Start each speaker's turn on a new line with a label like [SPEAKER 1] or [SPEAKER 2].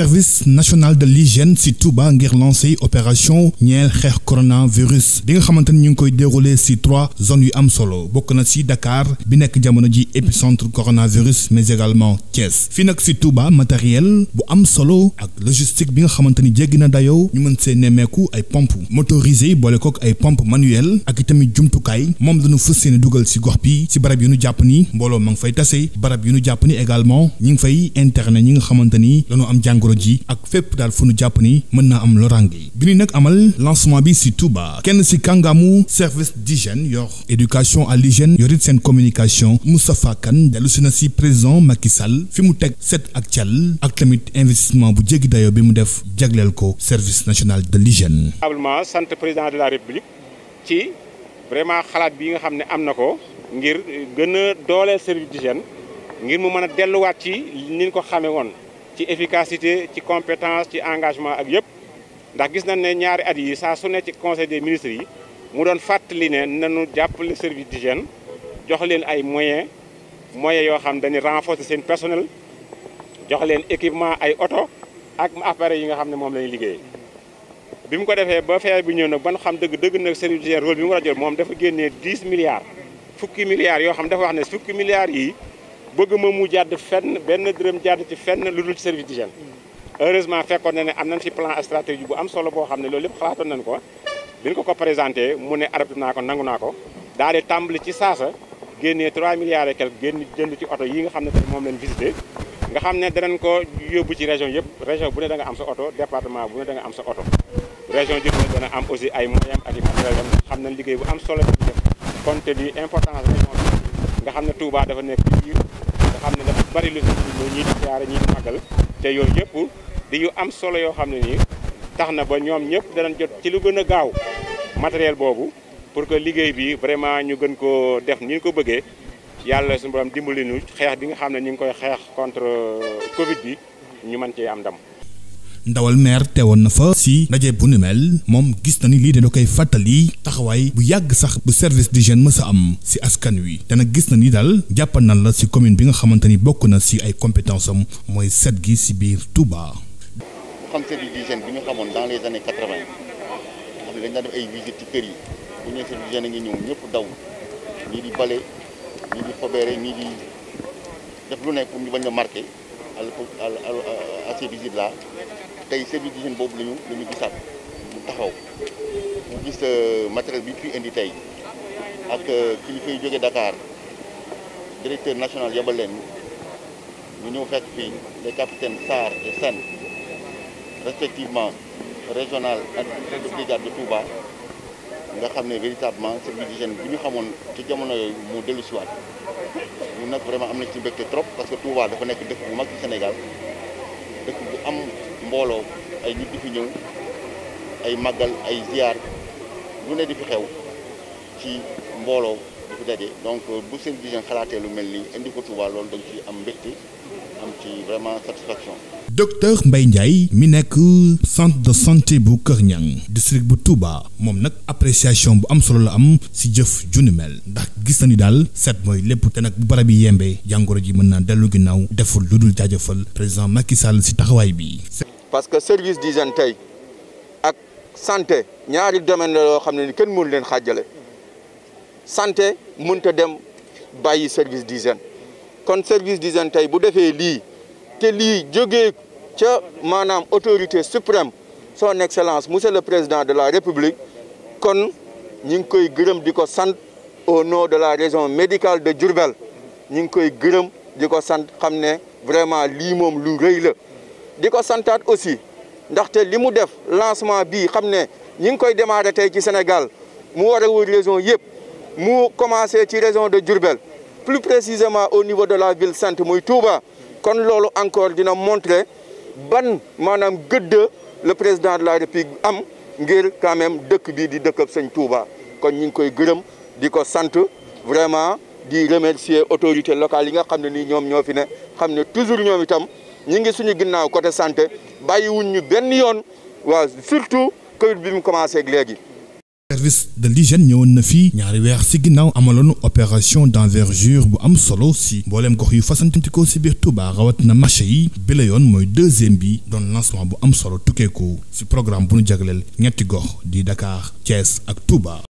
[SPEAKER 1] service national de l'hygiène ci Touba ngir lancer opération ñeel xeex coronavirus bi nga xamante ni ñu ngi koy dérouler ci trois zones yu am solo bokk na ci Dakar bi nekk jamono ji épicentre coronavirus mais également Thiès fi nag ci Touba matériel bu am solo ak logistique bi nga xamante ni jéggi na dayoo ñu mën see nemmeeku ay pomp motorisées boole kook ay pompes manuelles ak itamit jumtukaay moom la ñu fas dugal ci gox bi ci barab yu nu jàpp nii mbooloo ma ngi fay tase barab yu ñu jàpp ni également ñi fay internet nga xamante jàngoro ji ak fépp daal fu nu jàpp ni mën naa am lorange bi ñu nag amal lancement bi si Touba kenn si kàngaamu service d'hygiène yor éducation à l'hygiène yorit seen communication Moustapha Kane dellu na si président Macky Sall fi mu teg set ak cal ak tamit investissement bu jéggi dayo bi mu def jagleel ko service national de l'hygiène
[SPEAKER 2] probablement sant président de la république ci vraiment xalaat bi nga xam ne am na ko ngir gën a dooleel service d'hygiène ngir mu a delluwaat ci efficacité ci compétence ci engagement ak yëpp ndax gis nañ ne ñaari at yi saa su ne ci conseil des ministres yi mu doon fàttali ne nañu jàppale service d'hygiène jox leen ay moyens moyens yoo xam dañuy renforcer seen personnel jox leen équipement ay oto ak appareil yi nga xam ne moom la ñuy liggéey bi mu ko defee ba feer bi ñëw nag ban xam dëgg dëgg nag service d'hygiène rôle bi mu war a jël moom dafa génne 10 milliards fukki milliards yoo xam da wax ne fukki milliards yi bëgg ma mu jàdd fenn benn dërëm jàdd ci fenn lu dul ci service d'hygiène heureusement fekkoon na ne am nan fi plan stratégie bu am solo boo xam ne loolu lépp xalaatoon nañ ko bi ko ko présenté mu ne arabtu naa ko nangu naa ko daal di tàmbali ci saasa génnee 3 milliards et quelque génn jënd ci oto yi nga xam ne moom leen visité nga xam ne danañ ko yóbbu ci région yëpp région bu ne da nga am sa oto département bu ne da nga oto région yëpp dana am ay moyens ak i xam nañ liggéey bu am solo bi def compte tenu importance région bi nga xam ne Touba dafa nekk xam ne dafa bari lu ñuy siyaare ñuy màggal te yooyu yëpp di yu am solo yoo xam ne nii tax na ba ñoom ñëpp danañ jot ci lu gën a gaaw matériel boobu pour que liggéey bi vraiment ñu gën ko def ni ko bëggee yàlla suñu borom dimbali nu xeex bi nga xam ne ñu ngi koy xeex contre euh, Covid bi ñu mën cee am ndam.
[SPEAKER 1] ndawal te woon na fa si ndaje bu ni mel moom gis na ni lii de da koy fàttali taxawaay bu yàgg sax bu service di d'hygiène ma a am si askan wi dana gis na ni daal jàppandal la si commune bi nga xamante ni bokk na si ay compétence am mooy set gi si biir Touba.
[SPEAKER 3] xam service d'hygiène bi ñu a ngi ñëw ñëpp daw ñii lu nekk pour tey service d'hygiène boobu la ñu la ñu gisaat mu taxaw mu gis euh, matériel bi fi indi tey ak euh, kilifa yu jóge Dakar directeur national yebal leen ñu ñëw fekk fii les capitaines Sarr et Sène respectivement régional ak de brigade de Touba nga xam ne véritablement service d'hygiène bi ñu xamoon ci jamono yooyu mu dellu siwaat ñun nag vraiment am na ci mbégte trop parce que Touba dafa nekk dëkk bu mag ci Sénégal dëkk bu am mbooloo ay nit di fi ñëw ay màggal ay ziar lu ne di fi xew ci mbooloo di fi donc bu seen vision xalaatee lu mel ni indi ko Touba loolu dañ ci am mbégte am ci vraiment
[SPEAKER 1] satisfaction docteur Mbaye Ndiaye mi nekk centre de santé bu Kër Niang district bu Touba moom nag appréciation bu am solo la am si jëf junni mel ndax gis na ni daal seet mooy lépp te nag bu barab yi yembee jàngoro ji mën naa dellu ginnaaw deful lu dul jaajëfal président Macky Sall si taxawaay bi
[SPEAKER 4] parce que service d'hygiène tey ak santé ñaari domaine la yoo xam ne ni kenn mënu leen xaajale santé mënut a dem bàyyi service d'hygiène kon service d'hygiène tey bu defee lii te lii jógee ca maanaam autorité suprême son excellence monsieur le président de la république kon ñi ngi koy gërëm di ko sant au non de la région médical de Diourbel ñi ngi koy gërëm di ko sant xam ne vraiment lii moom lu rëy la di ko santaat aussi ndaxte li mu def lancement bii xam ne ñi ngi koy démarrer tey ci Sénégal mu war a wër région yëpp mu commencé ci région de Diourbel plus précisément au niveau de la ville sainte muy Touba kon loolu encore dina montrer ban maanaam gëdd le président de la République am ngir quand dëkk bii di dëkk sëñ Touba kon ñu ngi koy gërëm di ko sant vraiment di remercier autorité locales yi nga xam ne nii ñoom ñoo fi ne xam ne toujours ñoom itam ñi ngi suñu ginnaaw côté santé bàyyiwuñ ñu benn yoon waa surtout Covid bi mu commencé léegi.
[SPEAKER 1] service de l'hygiène ñëwoon na fii ñaari weex si ginnaaw amaloon opération d'envergure bu am solo si mbooleem gox yu fasantikoo si biir Touba rawat na marché yi bi la yoon mooy deuxième bi doon lancement bu am solo tukkeeku si programme bu nu jagleel ñetti gox di dakaar Thiès ak Touba